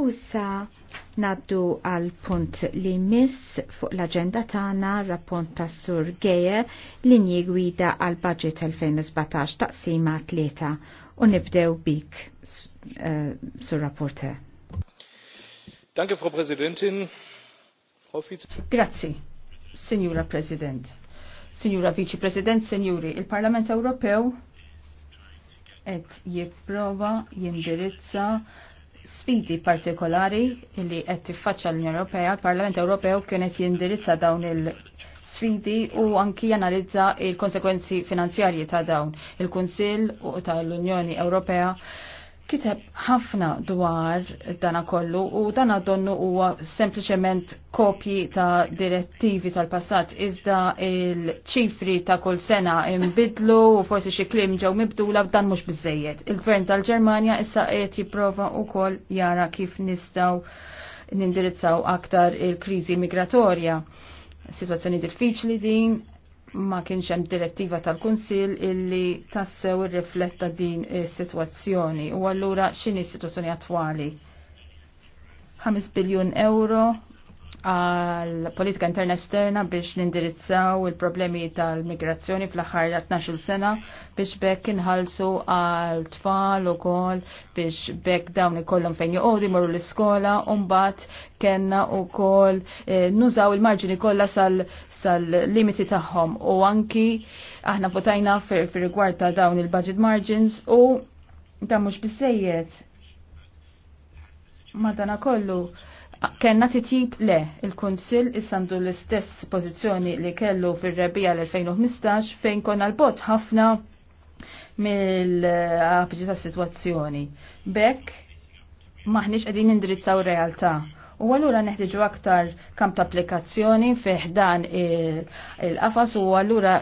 U sa naddu għal punt li miss fuq l-agenda tagħna rapport ta' Sur Geje linji gwida għal budget 2017 taqsima tlieta u nibdew bik eh, sur rapporte. Danke, Frau Präsidentin. Grazzi, Signora President. Signora Vice President, Signori, il-Parlament Ewropew et jipprova jindirizza sfidi partikolari li qed tiffaċċa l-Unjoni Ewropea, l parlament Ewropew kien qed jindirizza dawn il-sfidi u anki analizza il-konsekwenzi finanzjarji ta' dawn. Il-Kunsill u tal-Unjoni Ewropea kiteb ħafna dwar dana kollu u dana donnu huwa sempliċement kopji ta' direttivi tal-passat iżda il-ċifri ta' kull sena imbidlu u forsi xi klim ġew mibdula b'dan mhux biżejjed. Il-Gvern tal-Ġermanja issa qed jipprova wkoll jara kif nistgħu nindirizzaw aktar il-kriżi migratorja. Situazzjoni diffiċli din ma kienx hemm direttiva tal-Kunsill illi tassew irrifletta din is-sitwazzjoni u allura x'inhi s-sitwazzjoni attwali. 5 biljun euro għal politika interna esterna biex nindirizzaw il-problemi tal-migrazzjoni fl-axar 12 sena biex bekk inħalsu għal tfal u kol biex bekk dawn ikollhom fejn joqogħdu jmorru l-iskola u mbagħad kenna u kol eh, nużaw il-marġini kollha sal-limiti sal tagħhom u anki aħna votajna fir-rigward ta' dawn il-budget margins u dan mhux biżejjed madana kollu Kenna titjib le, il-Konsil issandu l-istess pozizjoni li kellu fil-rebija l-2015 fejn konna l-bot ħafna mill għabġi ta' situazzjoni. Bekk maħniċ għedin indirizzaw realtà. U għallura neħtiġu aktar kamp ta' applikazzjoni feħdan il-qafas u għallura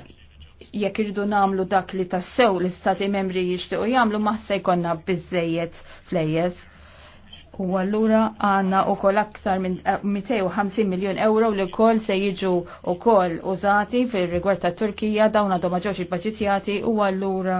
jekk irridu namlu dak li tassew l-istati membri jixtiqu jamlu ma se jkonna bizzejiet flejjes. U allura għanna u kol aktar minn 250 eh, miljon euro li kol se jiġu u kol użati fil rigward ta' Turkija dawna doma ġoċ il-paċitjati u allura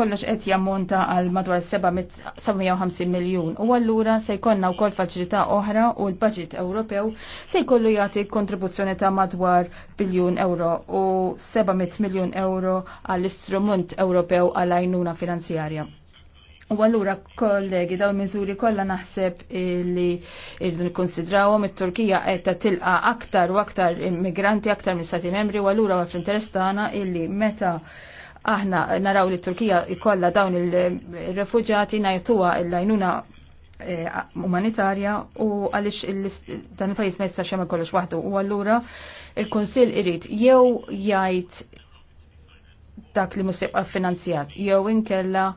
kollox qed jammonta għal madwar 750 miljun. U allura se jkollna wkoll faċilità oħra u l baġit Ewropew se jkollu jagħti kontribuzzjoni ta' madwar biljun euro u 700 miljun euro għall-istrument Ewropew għal għajnuna finanzjarja. U għallura kollegi daw miżuri kollha naħseb li irdu nikkonsidrawhom it-Turkija qed tilqa aktar u aktar immigranti aktar minn stati membri u allura fl-interess tagħna illi meta aħna naraw li Turkija ikolla dawn il-refuġati najtuwa il-lajnuna eh, umanitarja u għalix dan il-pajis ma jistax jagħmel kollox waħdu u allura il-Kunsill irid jew jgħid dak li musibqa finanzjat jew inkella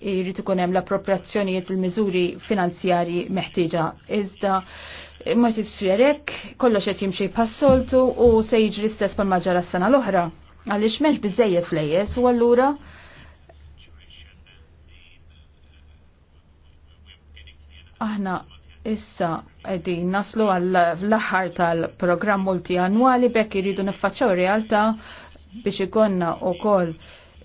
jrid ikun hemm l-appropriazzjonijiet il-miżuri finanzjarji meħtieġa. Iżda ma tisfjerek, kollox qed jimxi pas-soltu u se jiġri l-istess pal maġara s-sena l-oħra. Għaliex m'hemmx biżejjed flejjes u allura aħna issa qegħdin naslu għall-aħħar tal-programm multianwali bekk iridu niffaċċaw realtà biex ikonna u koll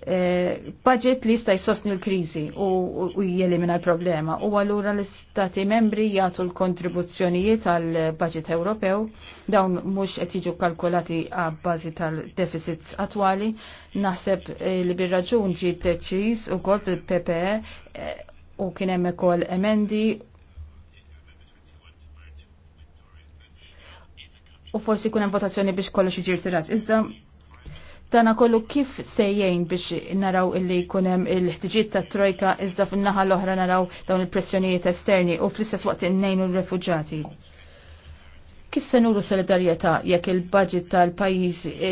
Eh, budget li jista' jsostni l-kriżi u jelimina l-problema. U allura l-istati membri jagħtu l-kontribuzzjonijiet għal budget Ewropew dawn mhux qed jiġu kalkulati għal bażi tal-deficits attwali. Naħseb eh, li bir-raġun ġi deċiż ukoll bil-PPE eh, u kien hemm ukoll emendi u forsi kun hemm votazzjoni biex kollox jiġi tirat Iżda Dana kollu kif sejjejn biex naraw illi kunem il-ħtiġiet ta' trojka iżda fin-naħa l-oħra naraw dawn il-pressjonijiet esterni u fl-istess waqt innejnu l refugġati Kif se nuru solidarjetà jekk il-budget tal-pajjiż e,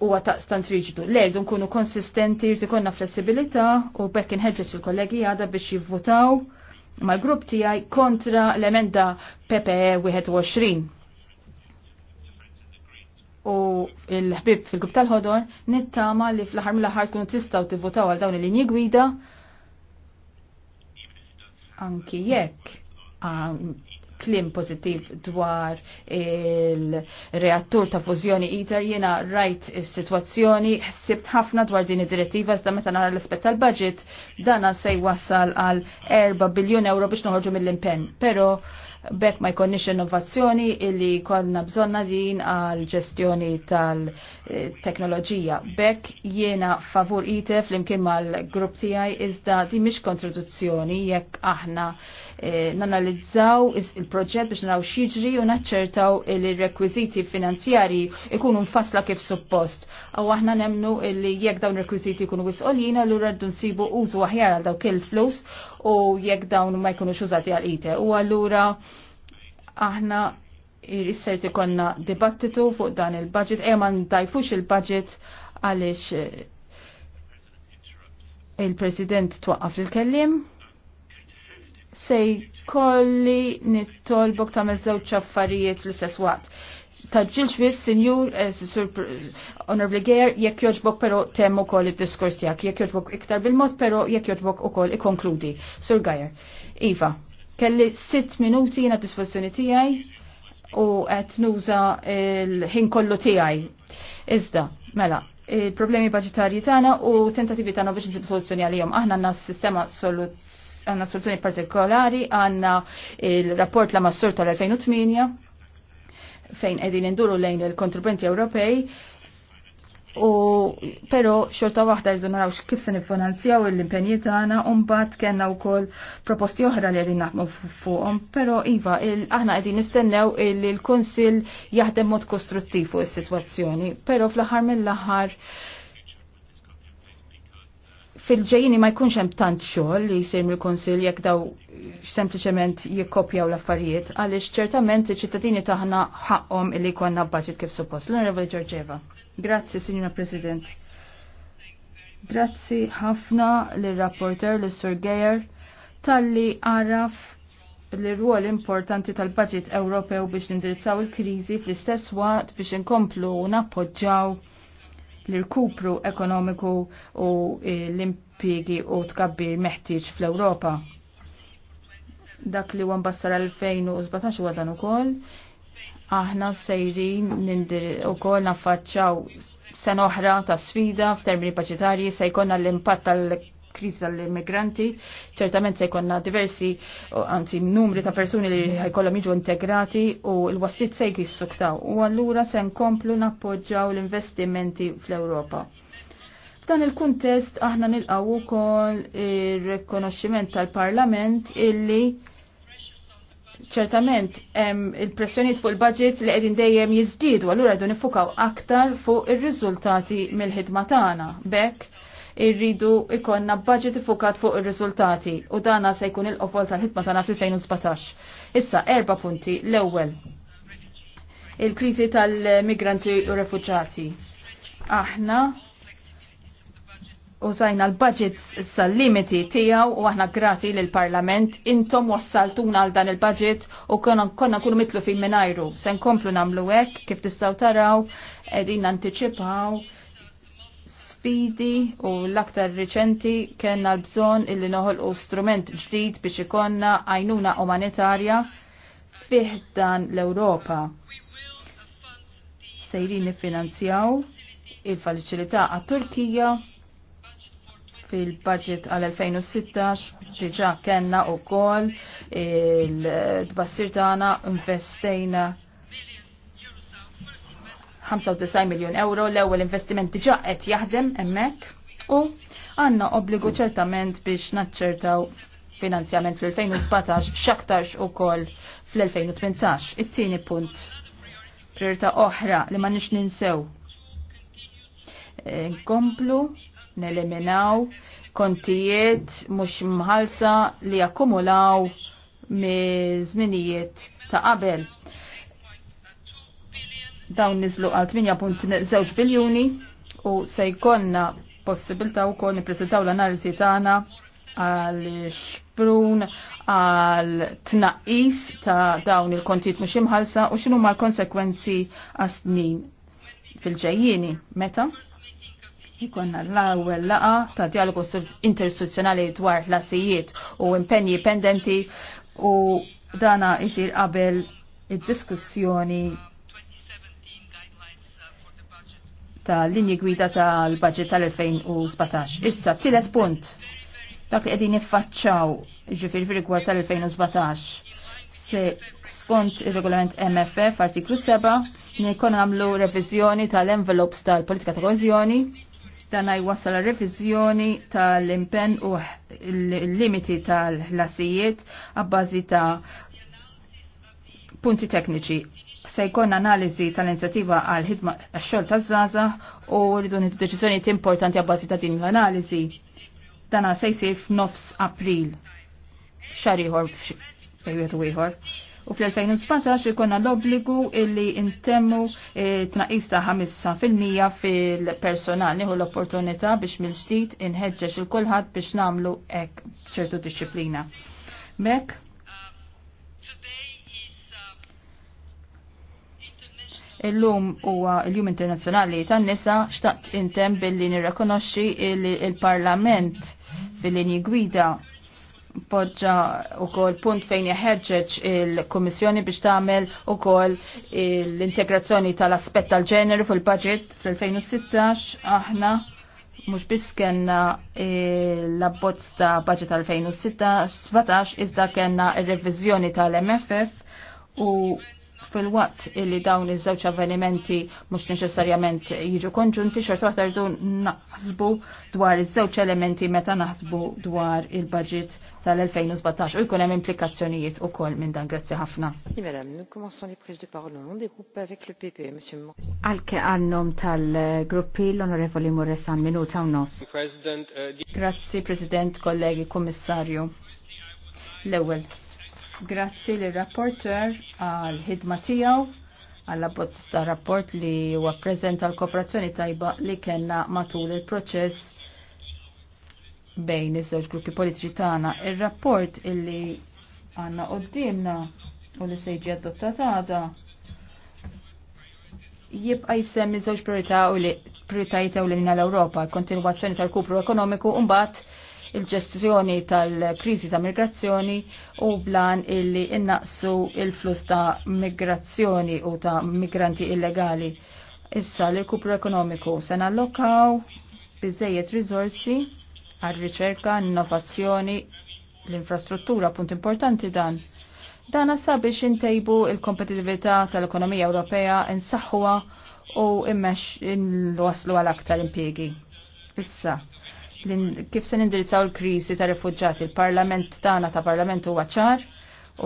huwa taqstant riġdu? Le, jdu nkunu konsistenti, jrid ikollna flessibilità u bekk inħeġġeġ il-kollegi għadha biex jivvutaw mal-grupp tiegħi kontra l-emenda PPE 21 e il-ħbib fil-grupp tal-ħodor, nittama li fl-ħar mill-ħar tkunu tistaw tivvotaw għal dawn il-linji gwida. Anki jekk klim pozittiv dwar il-reattur ta' fużjoni ITER jiena rajt is-sitwazzjoni ħsibt ħafna dwar din id-direttiva iżda meta nara l aspet tal-budget dana se jwassal għal 4 biljun euro biex noħorġu mill-impenn. Pero bekk ma jkonniex innovazzjoni illi konna bżonna din għal ġestjoni tal-teknoloġija. Bekk jiena favur ITEF flimkien mal-grupp tiegħi iżda di mhix kontraduzzjoni jekk aħna e, nanalizzaw il-proġett biex naraw xiġri u naċċertaw il-rekwiżiti finanzjari ikunu nfasla kif suppost. Aw aħna nemnu illi jekk dawn rekwiżiti jkunu wisqolina l rridu nsibu użu aħjar għal dawk il-flus u jekk dawn ma jkunux użati għal ite. U allura aħna jirissert ikonna dibattitu fuq dan il-budget, e ma ndajfux il-budget għalix eh, il-president twaqqaf il-kellim. Sej kolli nittolbok ta' mezzaw affarijiet fl-istess waqt. ġilx biss, senjur, eh, onorabli Gejer, jekk joġbok pero temmu kol il diskurs tijak, jekk joġbok iktar bil-mod, pero jekk joġbok u kol ikonkludi. Sur Gajer, Iva, Kelli sitt minuti jina dispozzjoni tijaj u għet nuża l-ħin kollu tijaj. Iżda, mela, il-problemi budgetarji tagħna u tentativi tagħna biex nsibu soluzzjoni għal-jom. Aħna għandna sistema għandna soluzzjoni partikolari, għandna il-rapport la massur tal-2008 fejn qegħdin induru lejn il-kontribenti Ewropej u pero xorta waħda rridu naraw kif se nifinanzjaw l-impenji tagħna u mbagħad kellna wkoll proposti oħra li qegħdin naħdmu fuqhom, però iva aħna qegħdin nistennew li l-Kunsill jaħdem mod kostruttiv fuq is-sitwazzjoni, però fl-aħħar mill-aħħar fil-ġejjini ma jkunx hemm tant xogħol li jsir mill-Kunsill jekk daw sempliċement jikkopjaw l-affarijiet għaliex ċertament iċ-ċittadini taħna ħaqhom illi jkollna budget kif suppost. L-Onorevoli Ġorġeva. Grazzi, Signora President. Grazzi ħafna lir-rapporter l sur Gejer talli għaraf l-rwol importanti tal-budget Ewropew biex nindirizzaw il-kriżi fl-istess waqt biex inkomplu nappoġġaw l-irkupru ekonomiku u l-impiegi u tkabbir meħtieġ fl-Ewropa. Dak li huwa mbassar 2017 għadan dan ukoll. Aħna sejrin nindir kol naffaċċaw sen oħra ta' sfida f'termini paċitarji se jkollna l-impatt tal kriżi tal-immigranti, ċertament se jkollna diversi, anzi numri ta' persuni li ħajkollhom jiġu integrati u l wasit se jkissuktaw. U allura se nkomplu nappoġġaw l-investimenti fl-Ewropa. F'dan il-kuntest aħna nilqaw ukoll ir rikonoxximent tal-Parlament illi ċertament il-pressjoniet fuq il-budget li qegħdin dejjem jiżdiedu, allura jdu nifukaw aktar fuq ir-riżultati mill-ħidma tagħna. Bekk irridu ikonna budget ifukat fuq ir-riżultati u dana se jkun il-qofol tal-ħidma tagħna fil-2017. Issa erba' punti l-ewwel. Il-kriżi tal-migranti u refuġati. Aħna użajna l-budget sal-limiti tijaw u aħna grati l-parlament intom wassaltuna għal dan il-budget u konna kunu mitlu fi minajru. Sen komplu namlu ek kif tistaw taraw edin anticipaw sfidi u l-aktar riċenti kena l-bżon illi noħol u strument ġdid biex ikonna għajnuna umanitarja fih dan l-Europa. Sejrin nifinanzjaw il-faċilità għat-Turkija fil-budget għal-2016 diġa kena u kol il-tbassir tagħna investejna 95 miljon euro l-ewwel investiment diġà qed jaħdem hemmhekk u għandna obbligu ċertament biex naċċertaw finanzjament fl-2017 x'aktarx ukoll fl-2018. It-tieni punt priorità oħra li ma nix ninsew. E, nkomplu, neliminaw kontijiet mhux mħalsa li akkumulaw mi żminijiet ta' qabel dawn nizlu għal 8.2 biljuni u se jkollna possibilta u kon niprezentaw l-analizi tagħna għal xprun għal tnaqis ta' dawn il-kontit mhux imħalsa u xinu ma' konsekwenzi għasnin fil ġajjini meta jikonna l-ewwel laqa ta' dialogu interistituzzjonali dwar l-asijiet u impenji pendenti u dana iġir qabel id-diskussjoni ta' linji gwida tal-budget tal-2017. Issa, tielet punt, dak li qegħdin niffaċċaw ġifir fil-rigward tal-2017. Se skont il-regolament MFF artiklu 7 nikon għamlu revizjoni tal-envelopes tal-politika ta' koezjoni dan jwassal revizjoni tal-impen u l-limiti tal-ħlasijiet għabbażi ta' punti tekniċi se jkun analiżi tal-inizjattiva għal ħidma għax-xogħol taż żgħażagħ u rridu nieħdu deċiżjonijiet importanti għabbażi ta' din l-analiżi. Dana se jsir f'nofs April xar ieħor u ieħor. U fl-2017 ikonna l-obbligu illi intemmu e, tnaqis ta' 5% fil-personal nieħu l-opportunità biex mill-ġdid inħeġġeġ il-kulħadd biex nagħmlu hekk ċertu disċiplina. Mek, Illum huwa l-Jum Internazzjonali tan-nisa xtaqt intem billi nirrekonoxxi il-Parlament fil-linji gwida poġġa u kol punt fejn jeħeġġeġ il-Komissjoni biex tagħmel u kol l-integrazzjoni tal-aspett tal-ġeneru fil-budget fl-2016 aħna mhux biss kellna l-abbozz ta' budget tal-2016 iżda kellna ir-reviżjoni tal-MFF u fil-waqt illi dawn iż-żewġ avvenimenti mhux neċessarjament jiġu konġunti xorta waħda rdu naħsbu dwar iż-żewġ elementi meta naħsbu dwar il-budget tal-2017 u jkun hemm implikazzjonijiet ukoll minn dan grazzi ħafna. Għalke għannom tal-gruppi l-Onorevoli Murresan minuta u nofs. Uh, grazzi President, kollegi, Kummissarju. L-ewwel Grazzi li rapporter għal ħidma tiegħu għall abbozz ta' rapport li huwa preżenta l-kooperazzjoni tajba li kellna matul il-proċess bejn iż-żewġ gruppi politiċi tagħna. Ir-rapport illi għandna qudiemna u li se jiġi adottat għada jibqa' jsemmi żewġ priorità u li prioritajiet ewlenin għall-Ewropa, kontinwazzjoni tal-kupru ekonomiku u mbagħad il-ġestjoni tal-krizi ta' migrazzjoni u blan illi innaqsu il-flus ta' migrazzjoni u ta' migranti illegali. Issa l-kupru ekonomiku se nallokaw bizzejiet risorsi għal-riċerka, innovazzjoni, l-infrastruttura, punt importanti dan. Dan għassa biex intejbu il-kompetitività tal-ekonomija Ewropea insaħħuha u immex l-waslu għal aktar impiegi. Issa, kif se nindirizzaw l kriżi ta' refugġati. Il-Parlament tagħna ta' Parlament huwa ċar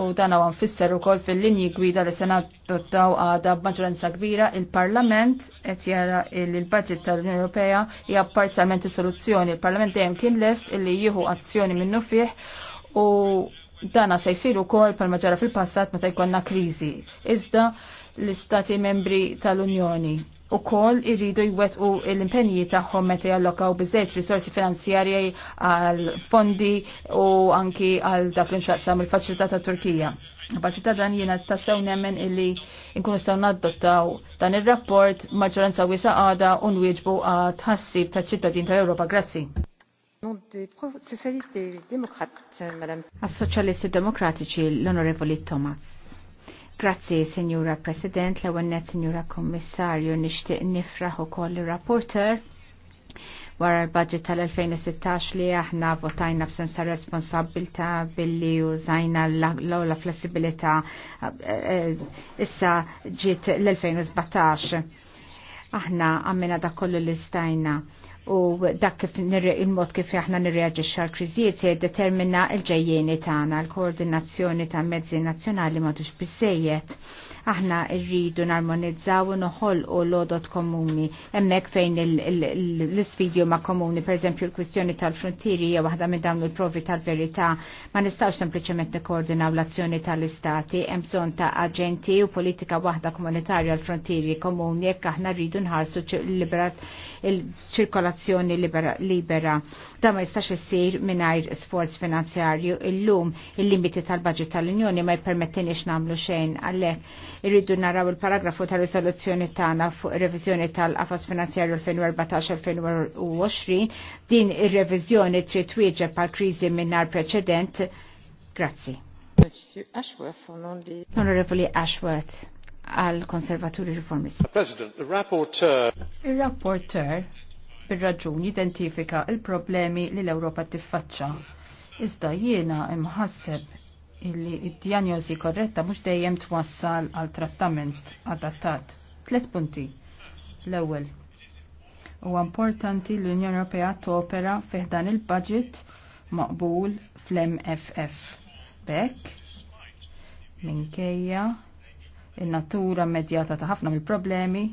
u għan fisser u ukoll fil-linji gwida li se nadottaw għada b'maġġoranza kbira il-Parlament qed jara li l-budget tal-Unjoni Ewropea hija parzialment is-soluzzjoni. Il-Parlament dejjem kien lest illi jieħu azzjoni minnu fih u dana se jisir kol pal ġara fil-passat meta jkollna kriżi. Iżda l-istati membri tal-Unjoni u kol irridu u l-impenji tagħhom meta jallokaw bizzejt risorsi finanzjarji għal fondi u anki għal dak li nxaqsam il-faċilità ta' Turkija. Baċita dan jiena tassew nemmen illi nkunu staw naddottaw dan ir-rapport maġġoranza wisa għada u nwieġbu għad tħassib ta' ċittadin ta' ewropa Grazzi. As-Soċjalisti Demokratiċi l-Onorevoli Thomas. Grazzi, Signora President, l għannet Signora Kommissarju, nishtiq nifraħ u koll rapporter wara l-budget tal-2016 li aħna votajna b'sensa responsabilta billi użajna l-ola flessibilita eh, eh, issa ġiet l-2017. Aħna għammina da kollu l-istajna u dak kif il-mod kif aħna nirreagġixxa għal kriżijiet se jiddetermina l ġejjeni tagħna l-koordinazzjoni ta' mezzi nazzjonali madux biżejjed Aħna rridu narmonizzaw u noħolqu u lodot komuni, emmek fejn l-sfidju ma komuni, per eżempju l-kwistjoni tal-frontieri jew waħda minn dawn il-provi tal-verità, ma nistawx sempliċement nikkoordinaw l-azzjoni tal-istati, hemm bżonn ta' aġenti u politika waħda komunitarja l-frontieri komuni jekk aħna rridu nħarsu il-ċirkolazzjoni libera. Da ma jistax issir mingħajr sforz finanzjarju illum il-limiti tal-budget tal-Unjoni ma jippermettinix nagħmlu xejn għalhekk irridu naraw il-paragrafu tal-risoluzzjoni tagħna fuq ir-reviżjoni tal-qafas finanzjarju 2014-2020 din ir-reviżjoni trid twieġeb għal kriżi minnar preċedent. Grazzi. Onorevoli Ashworth għal konservaturi riformisti. Il-rapporteur bil raġun jidentifika il-problemi li l-Ewropa tiffaċċa. Iżda jiena imħasseb illi id-diagnosi korretta mhux dejjem twassal għal trattament adattat. Tlet punti. L-ewwel. Huwa importanti li l-Unjoni Ewropea topera fih dan il-budget maqbul fl-MFF. Bekk minkejja in-natura medjata ta' ħafna mill-problemi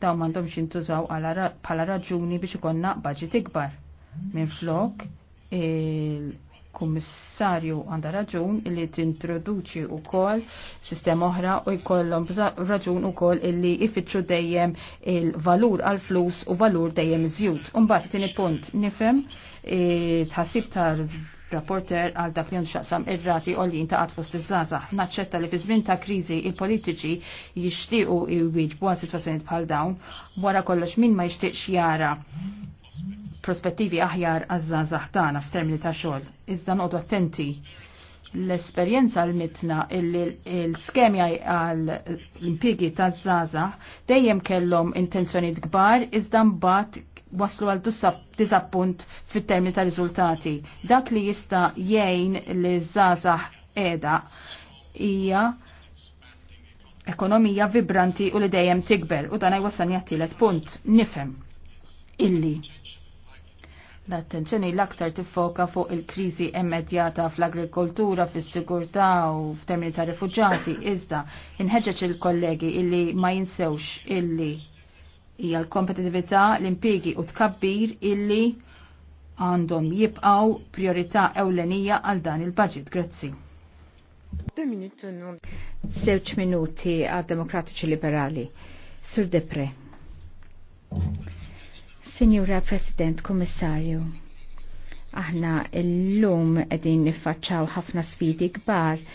daw mandom jintużaw bħala raġuni biex ikonna budget ikbar. Minn flok, kummissarju għanda raġun illi tintroduċi u kol sistema oħra u jkollhom raġun u kol illi ifittxu dejjem il-valur għal-flus u valur dejjem zjut. Umbat tini punt nifem e, tħassib tar rapporter għal dak li nxaqsam ir-rati u li intaqat fost iż-żaza. Naċċetta li fi żmien ta' kriżi il-politiċi jixtiequ jwieġbu għal situazzjonijiet bħal dawn wara kollox min ma jixtieqx jara prospettivi aħjar għaż-żgħażagħ tagħna f'termini ta' xogħol. Iżda noqgħdu attenti l-esperjenza l-mitna l skemi għal l-impjegi ta' zaza dejjem kellhom intenzjoniet kbar iżda mbagħad waslu għal disappunt fit-termini ta' riżultati. Dak li jista' jgħin li zaza qiegħda hija ekonomija vibranti u li dejjem tikber u dan jwassalni għat punt nifhem illi L-attenzjoni l-aktar tiffoka fuq il-kriżi immedjata fl-agrikoltura, fis-sigurtà u f'termini ta' rifuġati, iżda inħeġġeġ il-kollegi illi ma jinsewx illi hija l-kompetitività, l-impjegi u tkabbir illi għandhom jibqaw priorità ewlenija għal dan il-budget. Grazzi. Zewċ minuti għad Demokratiċi Liberali. Sur Depre. Signora President Kommissarju, aħna l-lum edin nifacċaw ħafna sfidi kbar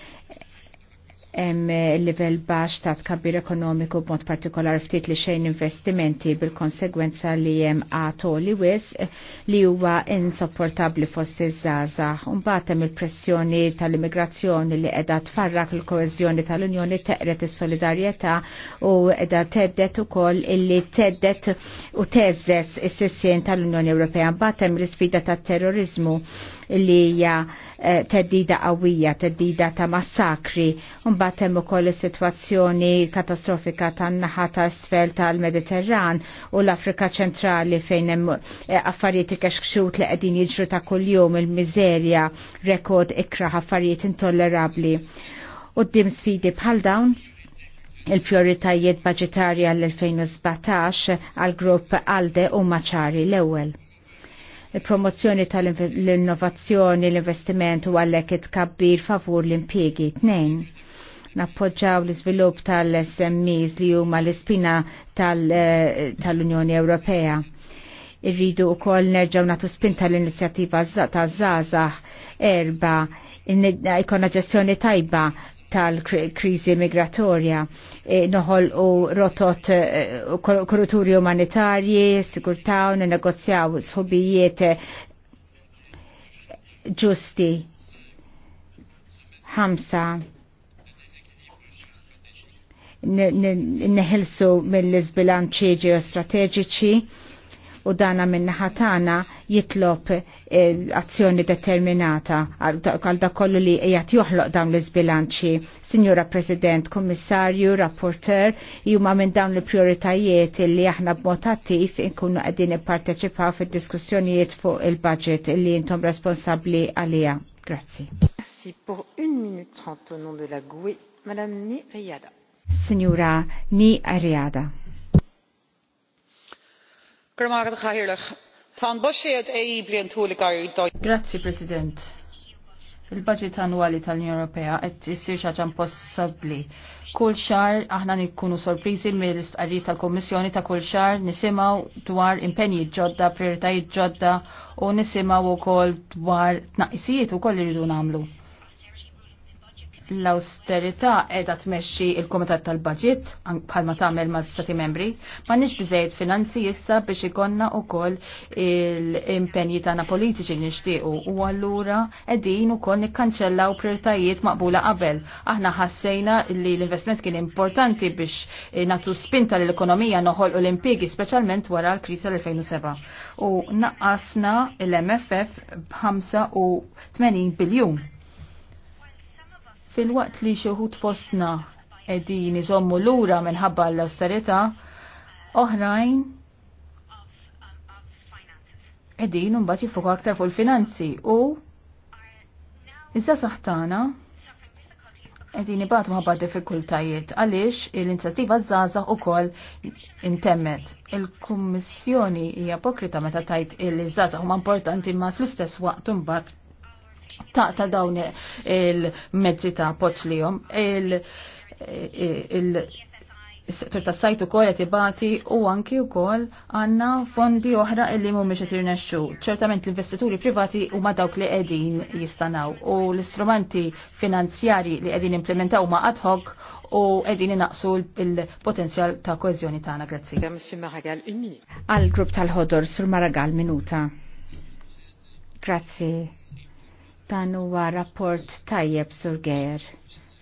livell baxx ta' tkabbir ekonomiku b'mod partikolar ftit li xejn investimenti bil-konsegwenza li hemm għato li wis li huwa insopportabli fost iż-żgħażagħ. Imbagħad hemm il-pressjoni tal-immigrazzjoni li qiegħda tfarrak il-koeżjoni tal-Unjoni teqret is-solidarjetà u qiegħda teddet ukoll illi teddet u teżżes is-sissien tal-Unjoni Ewropea. Mbagħad hemm l-isfida tat-terrorizmu li hija eh, teddida qawwija, teddida ta' massakri, mbagħad hemm ukoll is-sitwazzjoni katastrofika tan-naħa ta' isfel tal-Mediterran u l-Afrika ċentrali fejn hemm eh, affarijiet ikexxut li qegħdin jiġru ta' kuljum il-miżerja, rekord ikra affarijiet intollerabbli. U d sfidi bħal dawn il-prioritajiet budgetarja l-2017 għal grupp ALDE u maċari l-ewel il promozzjoni tal-innovazzjoni, l-investiment u għallek it-kabbir favur l-impiegi. Tnejn, nappoġġaw l-izvilup tal-SMEs li huma l-ispina eh, tal-Unjoni tal Ewropea irridu u koll nerġaw natu spinta l-inizjattiva ta' Zazax erba ikona ġestjoni tajba tal-krizi migratorja, e, noħol u rotot e, kuruturi umanitarji, sigurtaw, negozjaw sħubijiet e, ġusti. Hamsa Neħilsu mill-izbilanċi ġeostrateġiċi u dana minnaħa tagħna jitlob eh, azzjoni determinata għal da kollu li jgħat joħloq dawn l-iżbilanċi. Signora President, Kommissarju, Rapporter, juma minn dawn l-prioritajiet li aħna b'mod attiv inkunu qegħdin parteċipaw fid-diskussjonijiet fuq il-budget li intom responsabbli għalija. Grazzi. Merci pour 1 minute 30 au nom de la GUE, Madame Ni Riada. Signora Ni Riada. E Grazzi, President. Il-budget annwali tal-Unjoni Ewropea qed issir xi ħaġa impossibbli. Kull xahar aħna nikkunu sorpriżi mill-istqarrijiet tal-Kummissjoni ta' kull xahar nisimgħu dwar impenji ġodda, prioritajiet ġodda u nisimgħu wkoll dwar tnaqqisijiet ukoll li rridu nagħmlu l-austerità edha tmexxi il-Komitat tal-Budget bħalma tagħmel ma' stati membri, m'għandniex biżejjed finanzi issa biex ikonna wkoll l-impenji tagħna politiċi li nixtiequ u allura qegħdin ukoll nikkanċellaw prioritajiet maqbula qabel. Aħna ħassejna li l-investiment kien importanti biex nagħtu spinta lill-ekonomija noħolqu l-impjiegi speċjalment wara l kriża l 2007 U naqqasna l-MFF 80 biljun Fil-waqt li xieħut fostna edin iżommu lura minħabba l-austerita, oħrajn edin unbat jifuku aktar fuq il-finanzi u iżda saħtana edin ibatu maħba diffikultajiet għaliex il inizjattiva zaza u kol intemmet. Il-Kummissjoni hija pokrita meta tajt il-żaza huma importanti ma fl-istess waqt imbagħad ta' ta' dawn il-mezzi ta' poċ li jom. Il-settur ta' sajtu kol jtibati u anki u kol għanna fondi oħra illi mu miex jirnexxu. ċertament l-investituri privati u ma' dawk li edin jistanaw u l-istrumenti finanzjari li edin implementaw ma' ad hoc u edin naqsu il-potenzjal ta' koezjoni tagħna grazzi. Għal grupp tal-ħodor sur Maragall minuta. Grazzi. Dan huwa rapport tajjeb sur Gejer.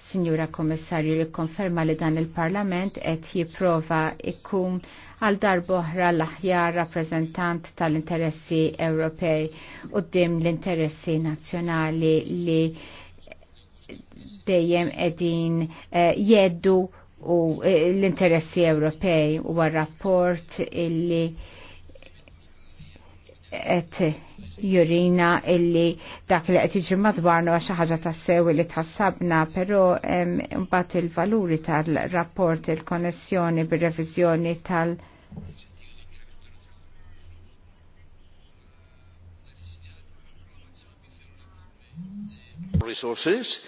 Sinjura Komissarju li konferma li dan il-Parlament qed jipprova ikkun għal darboħra l-aħjar rappreżentant tal-interessi Ewropej dim l-interessi nazzjonali li dejjem qegħdin eh, jeddu u eh, l-interessi Ewropej u rapport illi et jurina illi dak li qed jiġi madwarna għax xi ħaġa tassew li tħassabna, però mbagħad il-valuri tal-rapport il-konnessjoni bir-reviżjoni tal- resources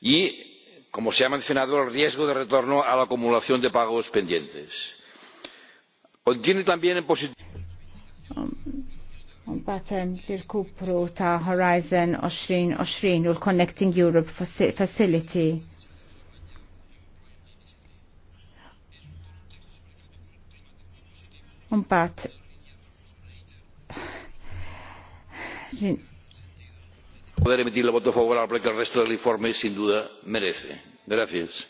y como se ha mencionado el riesgo de retorno a la acumulación de pagos pendientes. Contiene también en positivo Batem l-kupru ta' Horizon 2020 u l-Connecting Europe Facility. Unbat, Poder emitir la voto favorable que el resto del informe sin duda merece. Gracias.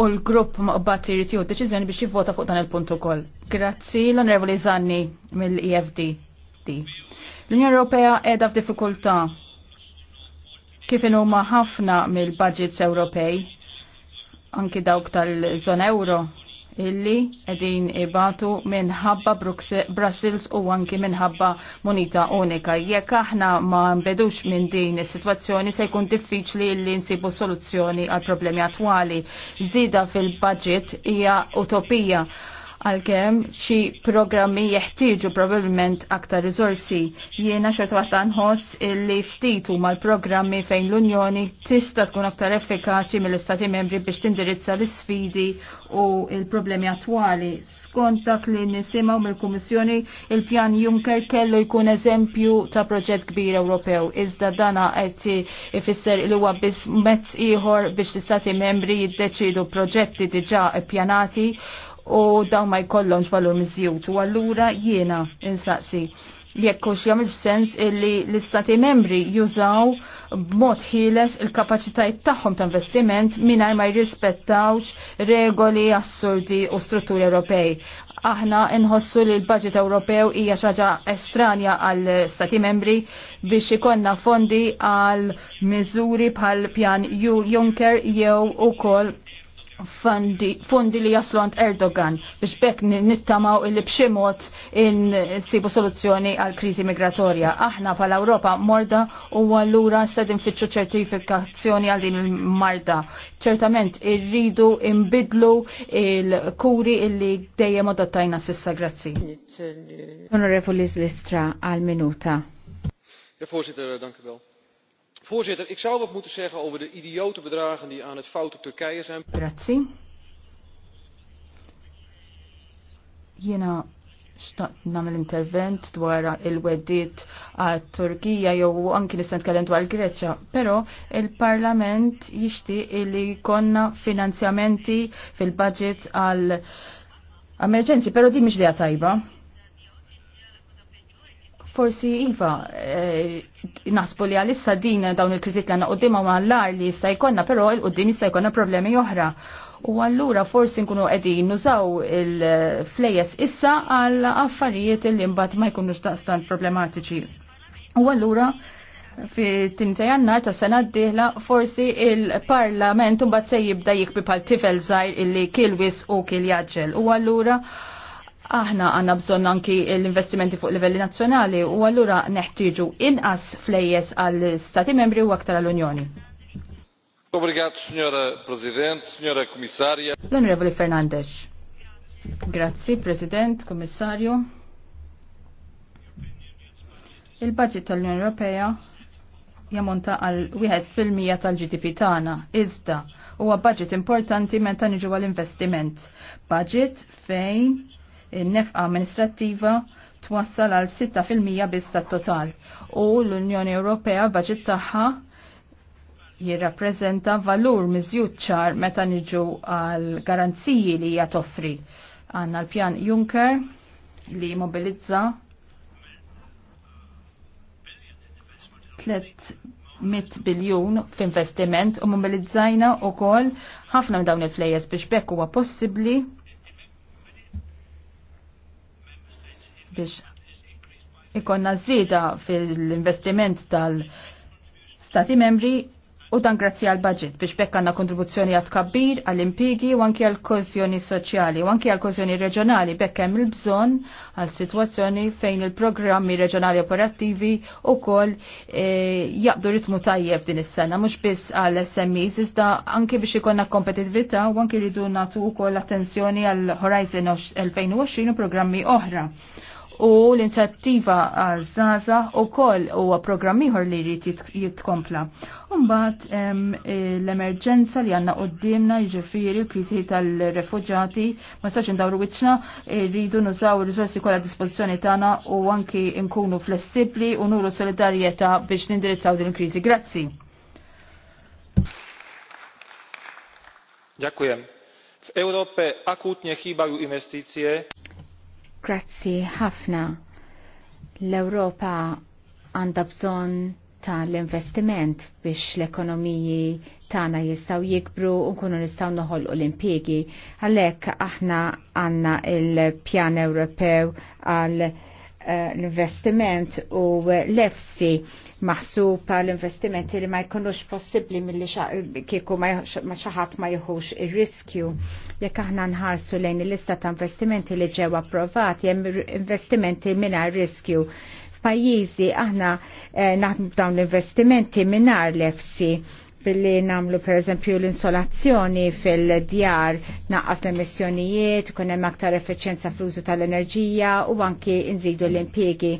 U l-grupp maqbat irid jieħu deċizjoni biex jivvota fuq dan il-punt ukoll. Grazzi l-Onorevoli Zanni mill efd L-Unjoni Ewropea qiegħda f'diffikultà kif in huma ħafna mill-budgets Ewropej anki dawk tal-żona euro illi edin ibatu minħabba Brussels u anki minħabba monita unika. Jekk aħna ma nbedux minn din is-sitwazzjoni se jkun diffiċli illi nsibu soluzzjoni għal problemi attwali. Zida fil-budget hija utopija għalkemm xi programmi jeħtieġu probabbilment aktar riżorsi. Jiena xorta waħda nħoss illi ftit huma l-programmi fejn l-Unjoni tista' tkun aktar effikaċi mill-Istati membri biex tindirizza l-isfidi u l-problemi attwali. Skont dak li nisimgħu mill-Kummissjoni il-pjan Juncker kellu jkun eżempju ta' proġett kbir Ewropew. Iżda dana qed ifisser li huwa biss mezz ieħor biex l-Istati membri jiddeċidu proġetti diġà ppjanati u dawn ma jkollhomx valur miżjut. U allura jiena insaqsi jekk hux jagħmel sens illi l-istati membri jużaw b'mod ħieles il-kapaċitajiet tagħhom ta' investiment mingħajr ma jirrispettawx regoli assurdi u strutturi Ewropej. Aħna nħossu li l-budget Ewropew hija xi ħaġa estranja għall stati membri biex ikonna fondi għal miżuri bħal pjan Juncker jew ukoll fondi li jaslu għand Erdogan biex bekk nittamaw il-li bximot in sibu soluzzjoni għal krizi migratorja. Aħna pal Europa morda u għallura sedin fitxu ċertifikazzjoni għal din il-marda. ċertament irridu imbidlu il-kuri illi dejjem adottajna sissa grazzi. Onorevoli Zlistra għal minuta. Ja, voorzitter, dank u wel. Voorzitter, ik zou wat moeten zeggen over de idiote bedragen die aan het foute Turkije zijn. Grazie. Jena xtaqt namel intervent dwar il-weddit għat Turkija jew anki nista' nitkellem dwar il-Greċja, però il-Parlament jixtieq li konna finanzjamenti fil-budget għal emerġenzi, però di mhix dejja tajba. Forsi Iva, eh, li għalissa din dawn il krizit l għanna qoddima ma l-lar li jista' jkollna, però il-qoddim jista' jkollna problemi oħra. U allura forsi nkunu qegħdin nużaw il-flejes issa għal affarijiet li mbagħad ma jkunux daqstant problematiċi. U allura fi tinta jannar ta' sena d-dihla forsi il-parlament mbagħad se jibda jikbi pal tifel żgħir illi kilwis u kil jaġġel. U allura aħna għanna bżonn anki l-investimenti fuq livelli nazzjonali u allura neħtieġu inqas flejjes għall stati membri u aktar għall-Unjoni. Obrigat, signora President, signora Komissarja. L-Onorevoli Fernandez. Grazzi, President, Komissarju. Il-budget tal-Unjoni Ewropea jamonta għal 1% tal-GDP tagħna, iżda huwa budget importanti meta niġu għall-investiment. Budget fejn nefqa amministrativa twassal għal 6% biss tat-total u l-Unjoni Ewropea baġit tagħha jirrappreżenta valur miżjud ċar meta niġu għal garanziji li hija toffri. Għandna l-pjan Juncker li mobilizza 300 biljun f'investiment u mobilizzajna u kol ħafna dawn il-flejes biex bekk huwa possibbli biex ikonna zida fil-investiment tal-stati membri u dan grazzi għal budget biex bekk għanna kontribuzzjoni għat kabbir, għal impigi u anki għal kozjoni soċjali u anki għal kozjoni reġjonali bekk hemm il-bżon għal situazzjoni fejn il-programmi reġjonali operattivi u kol e, jaqdu ritmu tajjeb din is-sena mhux biss għal SMEs iżda anki biex ikonna kompetitività u anki natu nagħtu wkoll attenzjoni għal Horizon 2020 u programmi oħra u l-inizjattiva żaza u koll u programm ieħor li jrid jitkompla. Umbat l-emerġenza li għanna d-dimna jiġifieri l-kriżi tal refugġati ma saċin dawru wiċċna rridu nużaw r riżorsi kollha dispożizzjoni tagħna u anki nkunu flessibbli u nuru solidarjetà biex nindirizzaw din il-kriżi. Grazzi. Dziękuję. W Europie akutnie chybają inwestycje. Grazzi ħafna. L-Europa għandha bżonn l investiment biex l-ekonomiji tagħna jistgħu jikbru u nkunu nistgħu noħolqu l-impjiegi. Għalhekk aħna għandna il-Pjan Ewropew għal l-investiment u l-efsi maħsuba l-investimenti li ma jkunux possibli mill-li kieku ma xaħat ma jħux il-riskju. Jekk aħna nħarsu lejn il-lista ta' investimenti li ġew approvat, jem investimenti minna riskju. F'pajjiżi aħna eh, naħdmu dawn l-investimenti minnar l-efsi billi namlu per eżempju l-insolazzjoni fil-djar naqqas l-emissjonijiet, kunem aktar effiċenza fl-użu tal-enerġija u anki nżidu l-impiegi.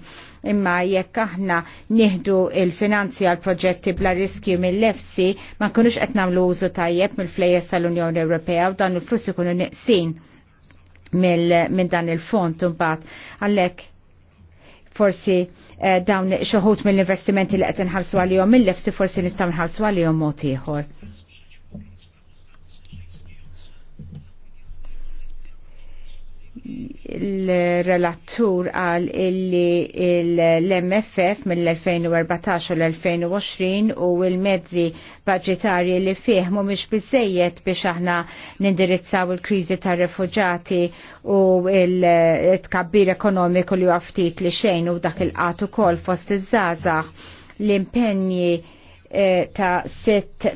Imma jekk aħna nieħdu il-finanzi għal proġetti bla riskju mill-lefsi, ma nkunux qed nagħmlu użu tajjeb mill-flejjes tal-Unjoni Ewropea u dan il-flus ikunu neqsin minn dan il-fond imbagħad. Għalhekk forsi Eh, dawn xoħut mill-investimenti li qed għal-jom, mill-lefsi forsi nistgħu ħarsu għal mod ieħor. il-relatur għal illi l-MFF mill-2014 u l-2020 u il-mezzi budgetari li fih mhumiex bizzejiet biex aħna nindirizzaw il-kriżi tar refugġati u il-tkabbir ekonomiku li għaftit li xejn u dak il-qatu kol fost iż-żazax l-impenji Eh, ta' 7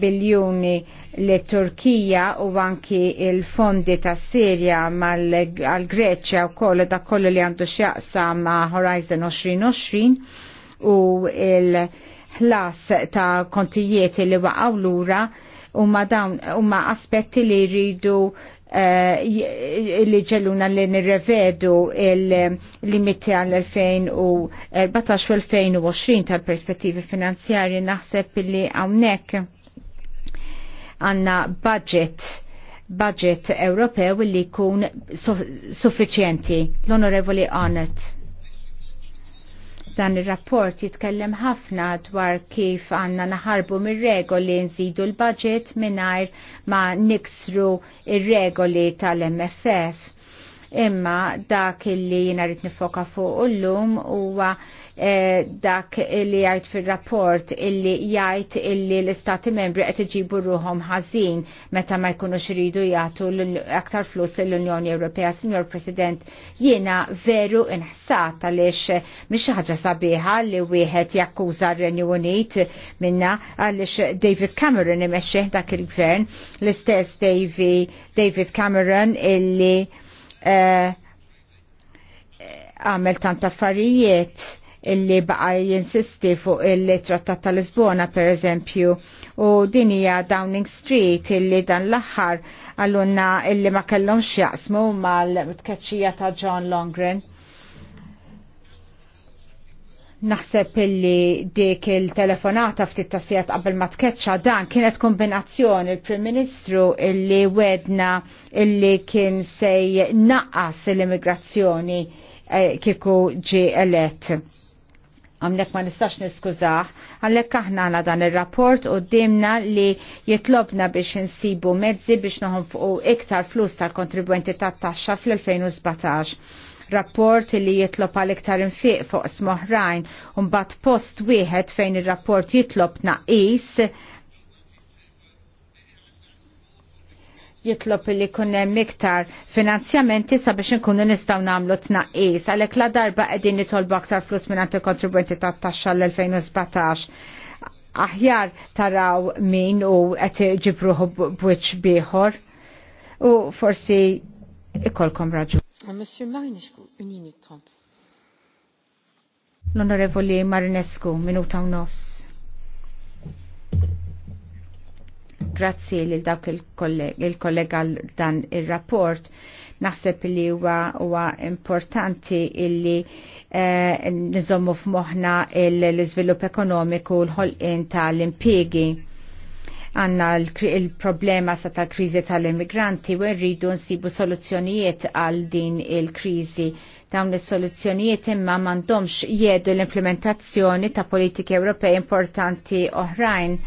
biljuni li Turkija u anki il-fondi ta' Sirja mal-Greċja u koll da' kollu li għandu xjaqsa ma' Horizon 2020 u il-ħlas ta' kontijiet li waqaw lura ura umma dawn huma aspetti li jridu eh, li ġelluna li nirrevedu il-limiti għal-2014 u 2020 tal-perspettivi finanzjarji naħseb li hawnhekk għanna budget budget Ewropew li jkun suffiċjenti. L-Onorevoli Arnett. Dan il-rapport jitkellem ħafna dwar kif għanna naħarbu mir-regoli nżidu l-budget minnajr ma niksru ir-regoli tal-MFF. Imma dak illi jina rrit nifoka fuq ullum huwa Eh, dak li jgħid fil-rapport illi jgħid illi l-istati membri qed iġibu ruhom ħażin meta ma jkunux iridu jagħtu aktar flus lill-Unjoni Ewropea. Signor President, jiena veru inħsat għaliex mhix ħaġa sabiħa li wieħed jakkuża r-Renju Unit minna għaliex David Cameron imexxih dak il-gvern l-istess David Cameron illi eh, għamel uh, tant affarijiet illi baqa jinsisti fuq il-trattat tal-Lisbona per eżempju u dinija Downing Street illi dan l axar għallunna illi ma kellhom xjaqsmu mal-tkaċċija ta' John Longren. Naħseb illi dik il-telefonata ftit sijat qabel ma tkeċċa dan kienet kombinazzjoni il-Prim Ministru illi wedna illi kien sej naqas l-immigrazzjoni eh, kieku kiku ġi elett għamlek ma nistax niskużax, għallek aħna għana dan il-rapport u dimna li jitlobna biex nsibu mezzi biex noħon fuq iktar flus tal-kontribwenti tat taxxa fl-2017. Rapport li jitlob għal iktar infiq fuq smoħrajn un bat post wieħed fejn il-rapport jitlob naqis jitlob li kunem miktar finanzjamenti sabiex nkunu nistaw namlu tnaqis, għalek la darba edin nitolbu aktar flus minn għanti kontribwenti ta' taxxa l-2017. Aħjar taraw min u għet ġibruħu bwiċ biħor u forsi ikolkom raġu. Euh, Monsieur Marinescu, 1 minute 30. L-Onorevoli Marinescu, minuta u nofs. Grazzi lil dawk il-kollega dan il-rapport. Naħseb li huwa importanti illi eh, nżommu f'moħħna l-iżvilupp ekonomiku u l-ħolqien tal-impjiegi għanna il-problema sa tal-krizi tal-immigranti u rridu nsibu soluzzjonijiet għal din il-krizi. Dawn is-soluzzjonijiet imma m'għandhomx jiedu l-implementazzjoni ta' politiki Ewropej importanti oħrajn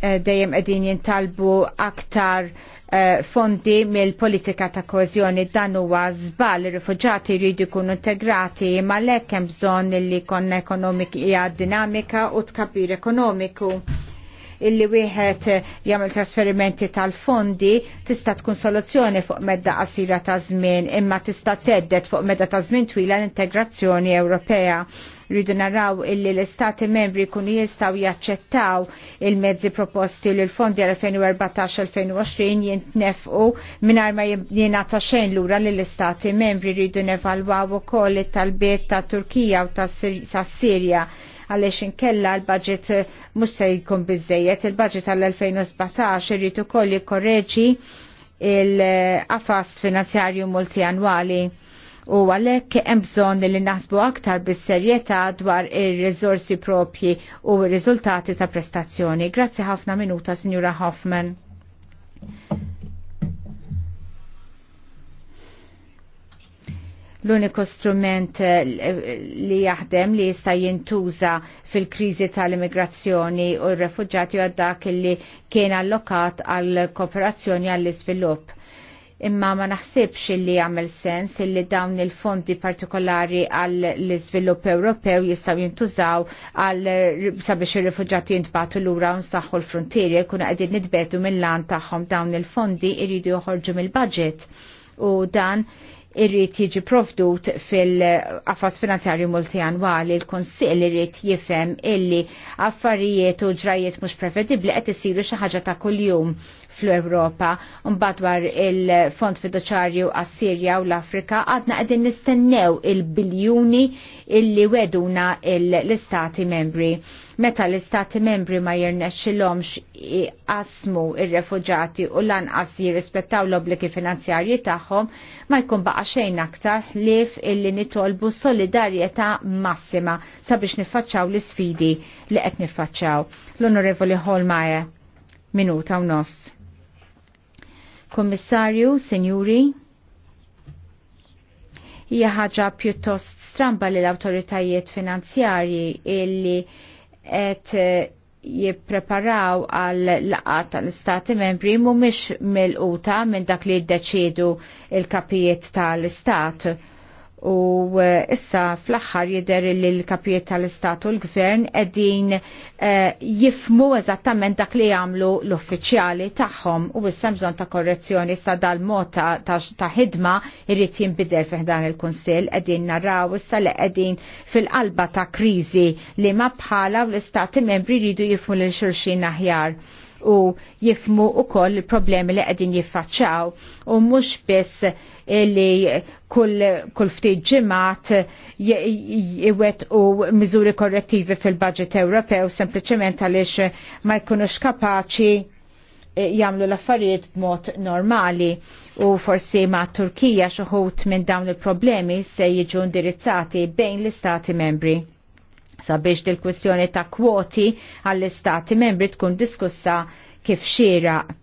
Eh, dejjem qegħdin jintalbu aktar eh, fondi mill-politika ta' koezjoni dan huwa żball ir-rifuġati jridu jkunu integrati imma għalhekk hemm bżonn li jkollna ekonomika dinamika u tkabbir ekonomiku illi wieħed eh, jagħmel trasferimenti tal-fondi tista' tkun soluzzjoni fuq medda qasira ta' żmien imma tista' teddet fuq medda ta' żmien twila l-integrazzjoni Ewropea rridu naraw illi l-Istati membri kunu jistaw jaċċettaw il-mezzi proposti l fondi għal-2014-2020 jintnefqu minar ma ta' xejn lura l-Istati membri rridu nevalwaw u koll it-talbiet ta' Turkija u ta' Sirja għaliex inkella l-budget mhux se jkun biżejjed, il-budget għall-2017 irid ukoll jikkorreġi il-qafas finanzjarju multianwali u għalhekk hemm bżonn li naħsbu aktar bis-serjetà dwar ir-riżorsi propji u r-riżultati ta' prestazzjoni. Grazzi ħafna minuta, Sinjura Hoffman. l-uniku strument eh, li jaħdem li jista' jintuża fil-kriżi tal-immigrazzjoni u r-refuġġati u dak li kien allokat għal kooperazzjoni għall iżvilupp Imma ma naħsibx li jagħmel sens li dawn il-fondi partikolari għall iżvilupp Ewropew jistgħu jintużaw għal sabiex ir-rifuġġati jintbatu lura u nsaħħu l-frontieri kuna qegħdin nitbetu mill-lan tagħhom dawn il-fondi jridu joħorġu mill-budget u dan irrit jiġi provdut fil affas finanzjarju multijanwali l-Konsil irrit jifem illi affarijiet u ġrajiet mhux prevedibbli qed isiru xi ħaġa ta' kuljum fl-Europa. mbadwar il-Fond Fiduċarju għas-Sirja u l-Afrika għadna qegħdin nistennew il-biljuni illi weduna l-Istati membri. Meta l-Istati membri ma jirnexxilhomx iqasmu ir-refuġati u lanqas jirrispettaw l-obbligi finanzjarji tagħhom, ma jkun baqa' xejn aktar lif illi nitolbu solidarjetà massima sabiex niffaċċaw l-isfidi li qed niffaċċaw. L-Onorevoli Holmaje minuta u nofs. Kommissarju, Sinjuri, hija ħaġa pjuttost stramba li l-awtoritajiet finanzjarji illi qed eh, jippreparaw għal laqat tal-istati membri mhumiex mill-quta minn dak li jiddeċiedu il-kapijiet tal-istat. l il kapijiet tal istat U eh, issa fl-axħar jider li l-kapijiet tal-istat u l-gvern edin eh, jifmu eżattament dak li għamlu l-uffiċjali tagħhom u issa bżon ta' korrezzjoni issa dal-mod ta' ħidma irrit jinbidel fih dan il-Kunsill edin narraw issa li edin fil-qalba ta' kriżi li ma bħala u l-istati membri jridu jifmu l-xurxin aħjar u jifmu u koll problemi li għedin jiffaċċaw u mux biss li kull, kull ftit ġimat jiwet u miżuri korrettivi fil-budget Ewropew sempliciment għalix ma jkunux kapaċi eh, jamlu l-affarijiet b'mod normali u forsi ma' Turkija xoħut minn dawn il-problemi se jiġu indirizzati bejn l-istati membri sabiex dil-kwestjoni ta' kwoti għall-istati membri tkun diskussa kif xieraq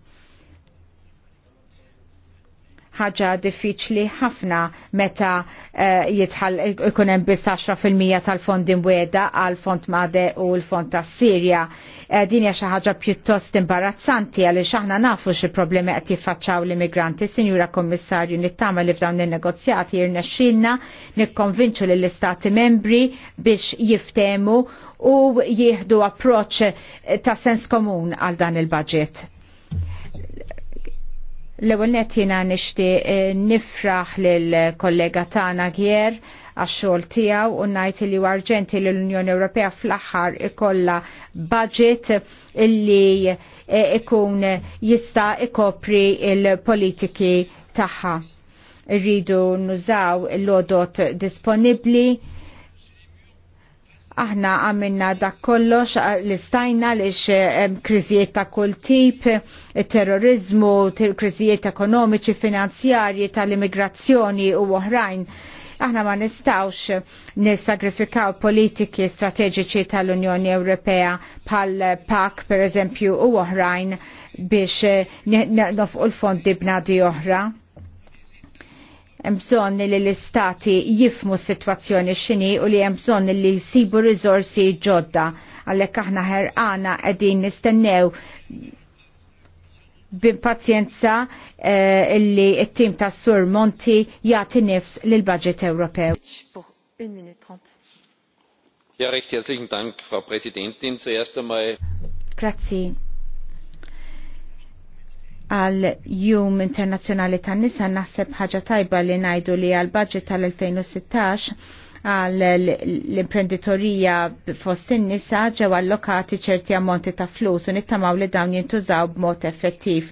ħaġa diffiċli ħafna meta uh, jitħall ikun hemm biss 10% tal-fond mwieda għal fond Made u l-fond tas Sirja. Uh, din hija xi ħaġa pjuttost imbarazzanti għaliex aħna nafu xi problemi qed jiffaċċaw l-immigranti. Sinjura Kommissarju nittama li f'dawn in-negozjati jirnexxilna nikkonvinċu lill istati membri biex jiftemu u jieħdu approċċ ta' sens komun għal dan il-budget L-ewwel nett jina nixtieq eh, nifraħ lil kollega Tana Gjer għax-xogħol tiegħu u ngħid li arġenti l unjoni Ewropea fl-aħħar ikollha budget illi eh, ikun jista' ikopri il-politiki tagħha. Irridu nużaw l-odot disponibbli aħna għamilna dak kollox li stajna li kriżijiet ta' kull tip, terrorizmu, kriżijiet ekonomiċi, finanzjarji, tal-immigrazzjoni u oħrajn. Aħna ma nistawx nissagrifikaw politiki strateġiċi tal-Unjoni Ewropea pal pak per eżempju u oħrajn biex nofqu l-fondi bnadi oħra bżonn li l-istati jifmu s-sitwazzjoni x'inhi u li hemm bżonn li jsibu rizorsi ġodda għalhekk aħna ħerqana qegħdin nistennew b'impazzjenza li eh, illi t-tim ta' Sur Monti jagħti nifs lil budget Ewropew. Ja, recht herzlichen Dank, Frau Präsidentin. Zuerst einmal. Grazie għal Jum Internazzjonali tan nisa naħseb ħaġa tajba li najdu li għal budget tal-2016 għal l-imprenditorija fost in-nisa ġew allokati ċerti ammonti ta' flus u nittamaw li dawn jintużaw b'mod effettiv.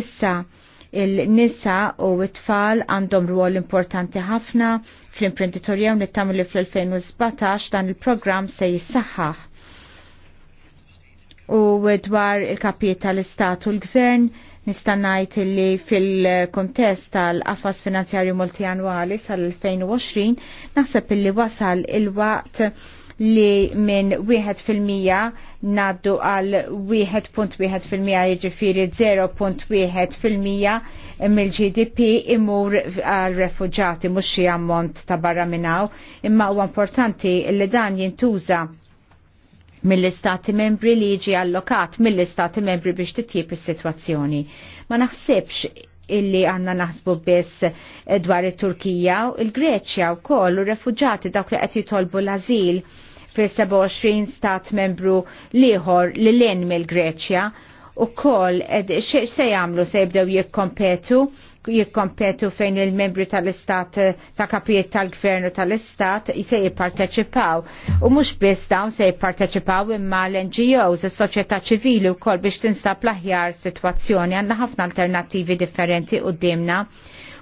Issa, il-nisa u it-tfal għandhom rwol importanti ħafna fl-imprenditorija u nittamaw li fl-2017 dan il-programm se jissaħħaħ u dwar il-kapiet tal-istat u l-gvern nistannajt li fil-kontest tal-qafas finanzjarju multijanwali sal-2020 naħseb li wasal il-waqt li minn 1% naddu għal 1.1% jġifiri 0.1% mill-GDP imur għal refugġati mux xi ammont ta' barra minnaw imma u importanti li dan jintuża mill-istati membri li jiġi allokat mill-istati membri biex titjib is-sitwazzjoni. Ma naħsibx illi għanna naħsbu biss eh, dwar it-Turkija, il-Greċja u koll u refugġati dawk li qed jitolbu l-azil fil-27 stat membru liħor li l mill-Greċja u koll se jamlu se jibdew jikkompetu jikkompetu fejn il-membri tal-istat ta' kapijiet tal-gvernu tal-istat se jipparteċipaw. U mhux biss dawn se jipparteċipaw imma l-NGOs, is-soċjetà ċivili wkoll biex tinsab l-aħjar sitwazzjoni għandna ħafna alternattivi differenti qudiemna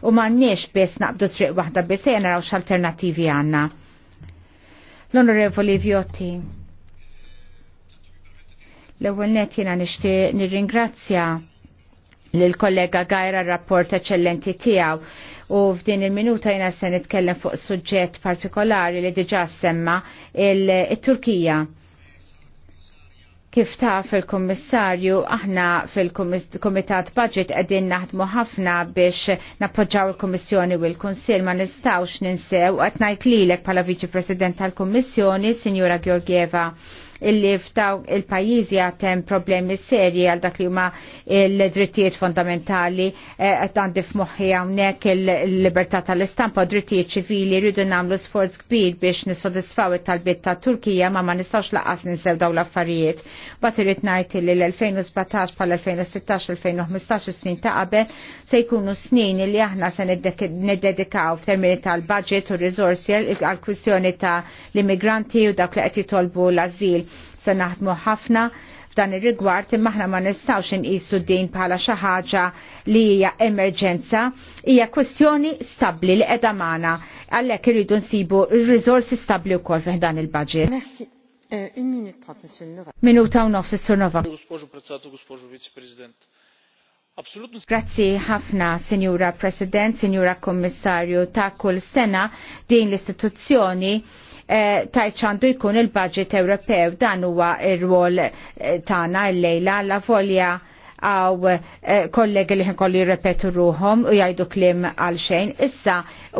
u m'għandniex biss naqbdu triq waħda biss se naraw x'alternattivi għandna. L-Onorevoli Vjotti L-ewwel net jiena nixtieq nirringrazzja l-kollega Gajra rapport eccellenti tijaw u f'din il-minuta jina se nitkellem fuq suġġett partikolari li diġa semma il-Turkija. Kif taf il-Kommissarju, aħna fil-Komitat Budget għedin naħdmu ħafna biex nappoġġaw il-Kommissjoni u l-Konsil ma nistawx ninsew għatnajt li l-ek pala Viċi President tal-Kommissjoni, Signora Georgieva illi f'daw il-pajjiżi għatem problemi serji għal dak li huma l-drittijiet fondamentali qed eh, għandi f'moħħi hawnhekk il-libertà tal-istampa u drittijiet ċivili rridu nagħmlu sforz kbir biex nissodisfaw it-talbiet ta' Turkija ma ma nistgħux laqas ninsew daw l-affarijiet. Bat irid ngħid li l-2017 bħal 2016-2015 snin ta' qabel se jkunu snin li aħna se neddedikaw f'termini tal-budget u risorsi għal kwistjoni ta' l-immigranti u dak li qed jitolbu l-azil se naħdmu ħafna f'dan ir-rigward imma aħna ma nistgħux inqisu din bħala xi ħaġa li hija emerġenza, hija kwestjoni stabbli li qiegħda magħna għalhekk irridu nsibu r-riżorsi stabbli wkoll fih dan il-baġit. Euh, Minuta u nofs is-Sur Nova. Grazzi ħafna, Sinjura President, Sinjura Kommissarju, ta' kull sena din l-istituzzjoni Eh, tajt xandu jkun il-budget Ewropew dan huwa ir-rwol eh, tagħna llejla la volja għaw eh, kollegi li ħinkolli jirrepetu ruħom u jajdu klim għal xejn. Issa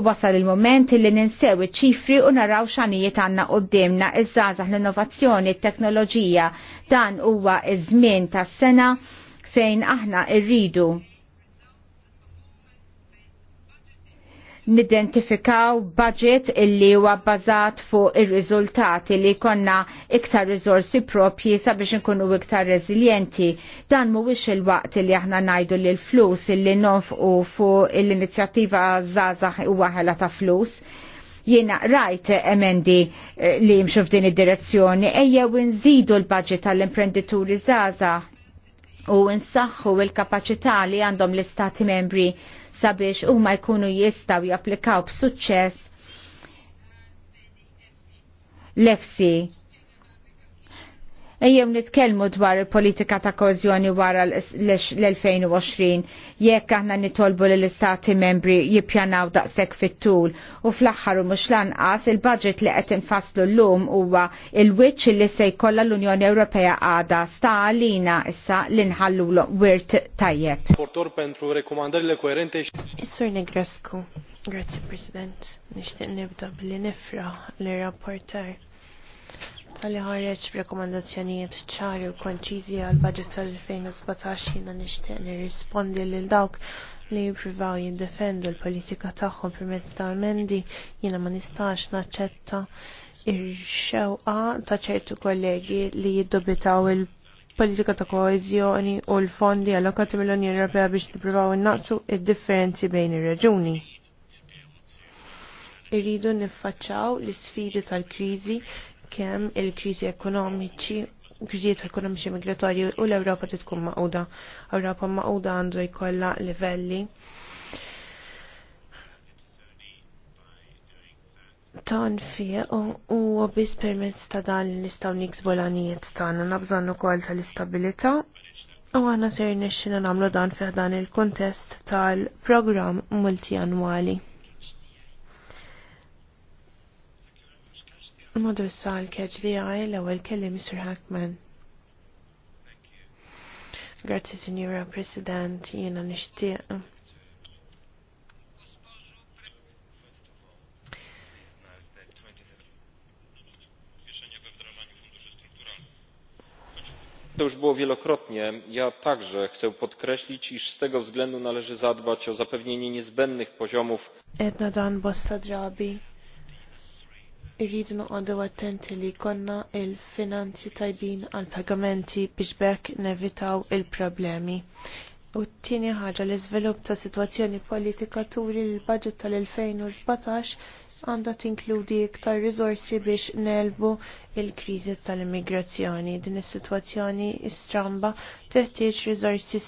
wasal il-moment li ninsew iċ-ċifri u naraw xanijiet għanna qoddimna iż-żazax l-innovazzjoni, t-teknoloġija. Dan huwa iż-żmien tas-sena fejn aħna irridu nidentifikaw budget illi huwa bbażat fuq ir-riżultati li konna iktar riżorsi propji sabiex nkunu iktar reżiljenti. Dan mhuwiex il-waqt li aħna ngħidu li l-flus illi nonfqu fuq l-inizjattiva żgħażagħ huwa ħela ta' flus jiena rajt emendi eh, li jimxu f'din id-direzzjoni ejja u nżidu l-budget tal-imprenditori żgħażagħ u nsaħħu l-kapaċità li għandhom l-istati membri sabiex huma jkunu jistgħu japplikaw b'suċċess l-EFSI Ejjew nitkellmu dwar il-politika ta' kozjoni wara l-2020 jekk aħna nitolbu l istati membri jippjanaw daqshekk fit-tul u fl-aħħar u mhux lanqas il-budget li qed infasslu llum huwa il-wiċċ li se jkollha l-Unjoni Ewropea għada sta għalina issa li nħallu wirt tajjeb. Portor pentru rekomandarile koerente. Is-Sur Negrescu, grazzi President, nixtieq nibda billi nifra l-rapporter tal-li ħareġ rekomendazzjonijiet ċari u konċiżi għal budget tal-2017 jiena nixtieq nirrispondi lil dawk li jippruvaw jiddefendu l-politika tagħhom permezz tal mendi jiena ma nistax naċċetta ir-xewqa ta' ċertu kollegi li jiddubitaw il-politika ta' koezjoni u l-fondi allokati mill-Unjoni Ewropea biex nippruvaw innaqsu id-differenzi bejn ir-reġuni irridu niffaċċaw l isfidi tal-kriżi kemm il-kriżi ekonomiċi kriżijiet ekonomiċi migratorju u l-Ewropa titkun maquda. Ewropa maquda għandu jkollha livelli Ton fie u biss permezz ta' dan l nistgħu niksbu l-għanijiet tagħna kol ukoll tal istabilita u għanna ser nixxina nagħmlu dan fih dan il kontest tal-programm multianwali. Modur sal keġ għaj l-ewel kelli Mr. Hackman. Grazie, Signora President, jena nishtiq. to już było wielokrotnie ja także chcę podkreślić iż z tego względu należy zadbać o zapewnienie niezbędnych poziomów Dan Irridu noqogħdu attenti li konna il-finanzi tajbin għal pagamenti biex bekk nevitaw il-problemi. U t-tieni ħaġa li iżvilupp ta' sitwazzjoni politika turi l-budget tal-2017 għandha tinkludi iktar riżorsi biex nelbu il-kriżi tal-immigrazzjoni. Din is-sitwazzjoni stramba teħtieġ riżorsi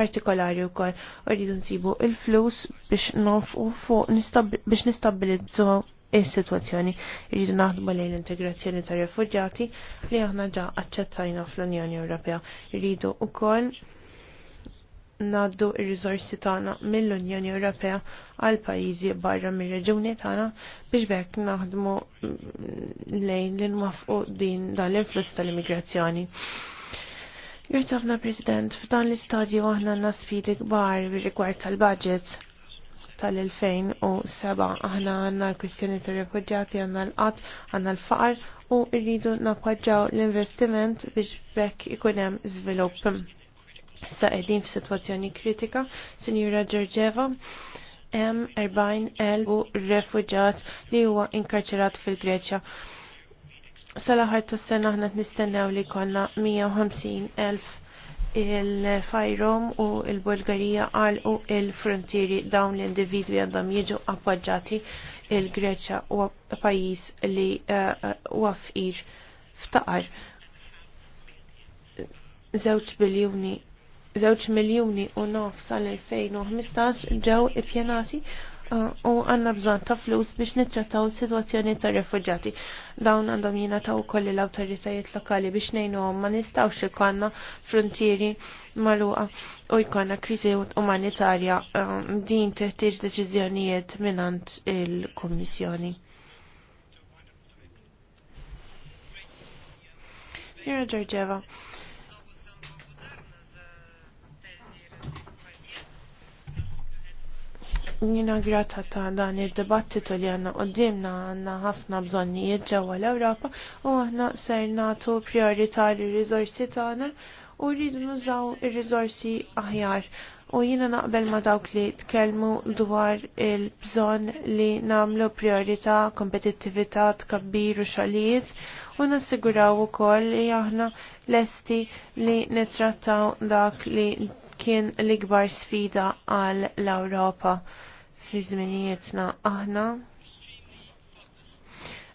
partikolari wkoll u rridu nsibu il-flus biex nofqu fuq biex is-sitwazzjoni. Irridu naħdmu lejn l-integrazzjoni ta' rifugjati li aħna ġa aċċettajna fl-Unjoni Ewropea. Irridu wkoll naddu ir-riżorsi tagħna mill-Unjoni Ewropea għal pajjiżi barra mir-reġuni tagħna biex bekk naħdmu lejn li nwafqu din dan l-influss tal-immigrazzjoni. Jirtafna President, f'dan l-istadju aħna għandna sfidi kbar bir tal-budgets tal-2007. Aħna għanna l-kwistjoni tal-refugjati, għanna l-qat, għanna l-faqar u rridu nakwaġġaw l-investiment biex bekk ikunem zvilupp. Sa' edin f-situazzjoni kritika, M. Ġorġeva, hemm u refuġat li huwa inkarċerat fil-Greċja. Salaħar aħħar tas-sena aħna nistennew li konna 150,000 il-Fajrom u il-Bulgarija għalqu il-frontieri dawn l-individwi għandhom jiġu appoġġati il-Greċja u pajis li eh, huwa fqir ftaqar. Zewċ biljoni, zewċ miljuni u nof sal-2015 ġew ippjenati Ah, u għanna bżon ta' flus biex nittrattaw situazzjoni ta' refugjati. Dawn għandhom jina ta' u kolli l-autoritajiet lokali biex nejnu ma nistawx ikonna frontieri maluqa u jkonna krizi umanitarja um, din teħtieġ deċiżjonijiet minant il-Kommissjoni. Sira Giorgeva, Nina grata ta' dan il-dibattitu li għanna għoddimna għanna ħafna bżonnijiet ġewwa l-Ewropa u għahna ser natu priorita li rizorsi tagħna u rridu nużaw ir-riżorsi aħjar. U jina naqbel ma dawk li tkellmu dwar il-bżon li namlu priorita, kompetittività, tkabbir u xalijiet u nassiguraw ukoll li aħna lesti li nitrattaw dak li kien l-ikbar sfida għal l-Ewropa fi żminijietna aħna.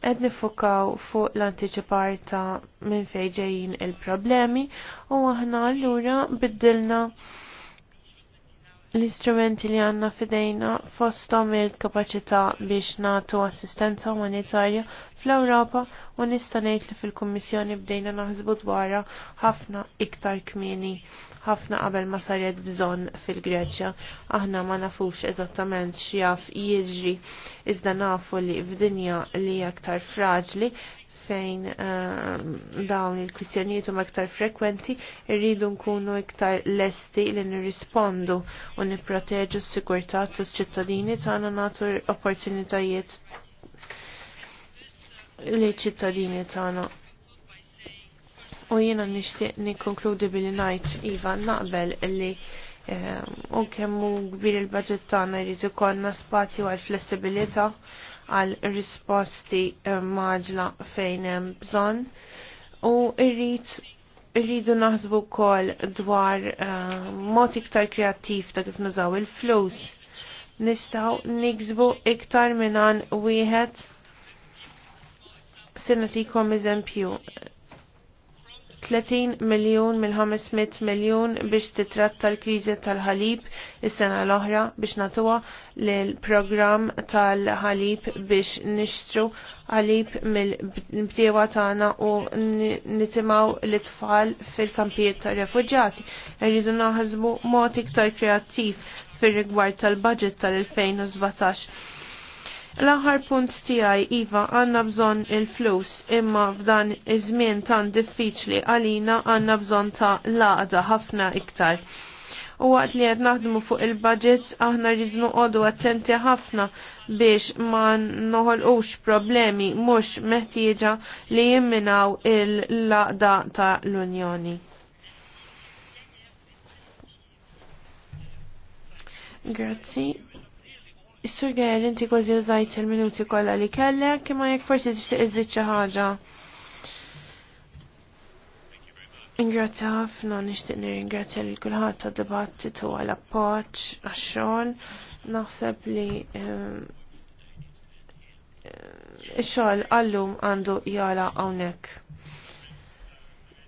Qed nifukaw fuq l-antiċipar ta' minn fejn ġejjin il-problemi u aħna allura biddilna l-istrumenti li għanna fidejna fostom il-kapacità biex natu assistenza umanitarja fl-Europa u nistanejt li fil-Kommissjoni bdejna naħsbu dwarra ħafna iktar kmini ħafna qabel ma saret bżonn fil-Greċja. Aħna ma nafux eżattament x'jaf jiġri iżda nafu li f'dinja li hija aktar fraġli fejn ehm, dawn il-kwistjonijiet huma iktar frekwenti, irridu nkunu iktar lesti li nirrispondu u nipproteġu s-sigurtà tas-ċittadini tagħna nagħtu opportunitajiet li ċittadini tagħna. U jiena nixtieq nikkonkludi billi ngħid iva naqbel li ehm, u kemmu kbir il-budget tagħna jrid ikollna spazju għal flessibilità għal risposti eh, maġla fejn hemm bżonn u irrid irridu naħsbu kol dwar uh, mod iktar kreattiv ta' kif nużaw il-flus. Nistaw niksbu iktar minn wieħed sinatikom eżempju 30 miljon mill-500 miljon biex titratta l-kriżi tal-ħalib is-sena l-oħra biex natuwa l-programm tal-ħalib biex nixtru ħalib mill-bdiewa tagħna u nitimaw l-tfal fil-kampijiet tar-refuġjati. Irridu naħsbu mod iktar kreattiv fir-rigward tal-budget tal-2017 L-aħħar punt tiegħi iva għandna bżonn il-flus imma f'dan iż-żmien tan diffiċli għalina għandna bżonn ta' laqda ħafna iktar. U waqt li qed naħdmu fuq il-budget aħna rridu noqogħdu attenti ħafna biex ma noħolqux problemi mhux meħtieġa li jimminaw il-laqda ta' l-Unjoni. Grazzi. Is-sur Gajer, inti kważi użajt il-minuti kollha li kellek, imma jekk forsi tixtieq iżid xi ħaġa. Ingrazzja ħafna nixtieq nirringrazzja lil kulħadd tad-dibattitu għal appoġġ għax-xogħol. Naħseb li ehm, ehm, ix-xogħol għallum għandu jala hawnhekk.